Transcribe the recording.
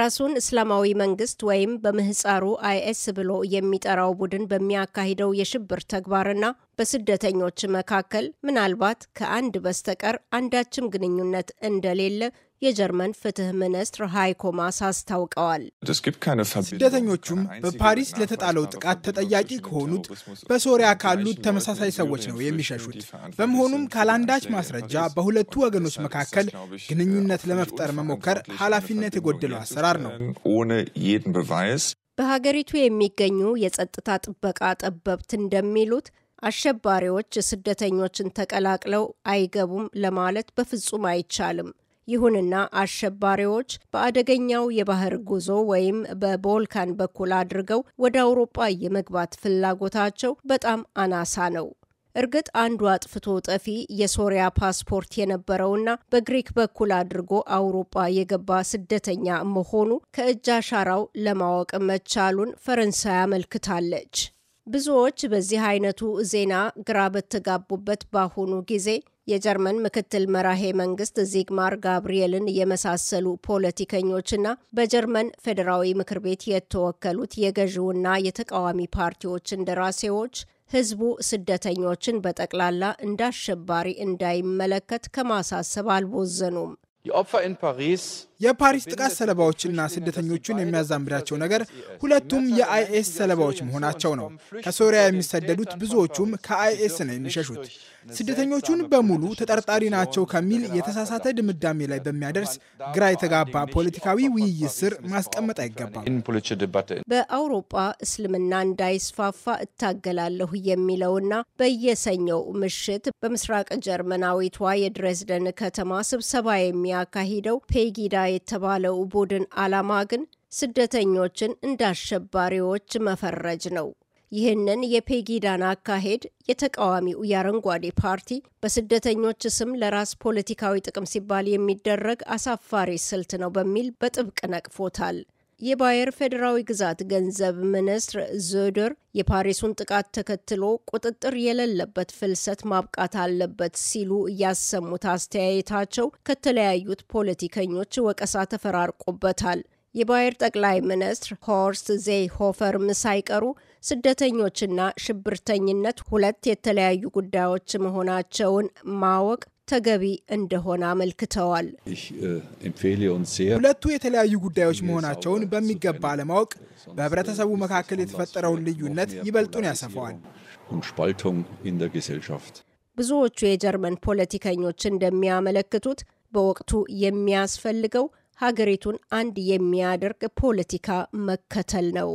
ራሱን እስላማዊ መንግስት ወይም በምህፃሩ አይኤስ ብሎ የሚጠራው ቡድን በሚያካሂደው የሽብር ተግባርና በስደተኞች መካከል ምናልባት ከአንድ በስተቀር አንዳችም ግንኙነት እንደሌለ የጀርመን ፍትህ ሚኒስትር ሃይኮ ማስ አስታውቀዋል። ስደተኞቹም በፓሪስ ለተጣለው ጥቃት ተጠያቂ ከሆኑት በሶሪያ ካሉት ተመሳሳይ ሰዎች ነው የሚሸሹት። በመሆኑም ካላንዳች ማስረጃ በሁለቱ ወገኖች መካከል ግንኙነት ለመፍጠር መሞከር ኃላፊነት የጎደለው አሰራር ነው። በሀገሪቱ የሚገኙ የጸጥታ ጥበቃ ጠበብት እንደሚሉት አሸባሪዎች ስደተኞችን ተቀላቅለው አይገቡም ለማለት በፍጹም አይቻልም። ይሁንና አሸባሪዎች በአደገኛው የባህር ጉዞ ወይም በቦልካን በኩል አድርገው ወደ አውሮጳ የመግባት ፍላጎታቸው በጣም አናሳ ነው። እርግጥ አንዱ አጥፍቶ ጠፊ የሶሪያ ፓስፖርት የነበረውና በግሪክ በኩል አድርጎ አውሮጳ የገባ ስደተኛ መሆኑ ከእጅ አሻራው ለማወቅ መቻሉን ፈረንሳይ አመልክታለች። ብዙዎች በዚህ አይነቱ ዜና ግራ በተጋቡበት ባሁኑ ጊዜ የጀርመን ምክትል መራሄ መንግስት ዚግማር ጋብርኤልን የመሳሰሉ ፖለቲከኞችና በጀርመን ፌዴራዊ ምክር ቤት የተወከሉት የገዢውና የተቃዋሚ ፓርቲዎች እንደራሴዎች ህዝቡ ስደተኞችን በጠቅላላ እንዳሸባሪ እንዳይመለከት ከማሳሰብ አልቦዘኑም። የፓሪስ ጥቃት ሰለባዎችና ስደተኞቹን የሚያዛምዳቸው ነገር ሁለቱም የአይኤስ ሰለባዎች መሆናቸው ነው። ከሶሪያ የሚሰደዱት ብዙዎቹም ከአይኤስ ነው የሚሸሹት። ስደተኞቹን በሙሉ ተጠርጣሪ ናቸው ከሚል የተሳሳተ ድምዳሜ ላይ በሚያደርስ ግራ የተጋባ ፖለቲካዊ ውይይት ስር ማስቀመጥ አይገባም። በአውሮጳ እስልምና እንዳይስፋፋ እታገላለሁ የሚለውና በየሰኞው ምሽት በምስራቅ ጀርመናዊቷ የድሬዝደን ከተማ ስብሰባ የሚያ ያካሂደው ፔጊዳ የተባለው ቡድን ዓላማ ግን ስደተኞችን እንደ አሸባሪዎች መፈረጅ ነው። ይህንን የፔጊዳን አካሄድ የተቃዋሚው የአረንጓዴ ፓርቲ በስደተኞች ስም ለራስ ፖለቲካዊ ጥቅም ሲባል የሚደረግ አሳፋሪ ስልት ነው በሚል በጥብቅ ነቅፎታል። የባየር ፌዴራዊ ግዛት ገንዘብ ሚኒስትር ዞደር የፓሪሱን ጥቃት ተከትሎ ቁጥጥር የሌለበት ፍልሰት ማብቃት አለበት ሲሉ እያሰሙት አስተያየታቸው ከተለያዩት ፖለቲከኞች ወቀሳ ተፈራርቆበታል። የባየር ጠቅላይ ሚኒስትር ሆርስት ዜይሆፈርም ሳይቀሩ ስደተኞችና ሽብርተኝነት ሁለት የተለያዩ ጉዳዮች መሆናቸውን ማወቅ ተገቢ እንደሆነ አመልክተዋል። äh, ሁለቱ የተለያዩ ጉዳዮች መሆናቸውን በሚገባ አለማወቅ በህብረተሰቡ መካከል የተፈጠረውን ልዩነት ይበልጡን ያሰፋዋል። um ብዙዎቹ የጀርመን ፖለቲከኞች እንደሚያመለክቱት በወቅቱ የሚያስፈልገው ሀገሪቱን አንድ የሚያደርግ ፖለቲካ መከተል ነው።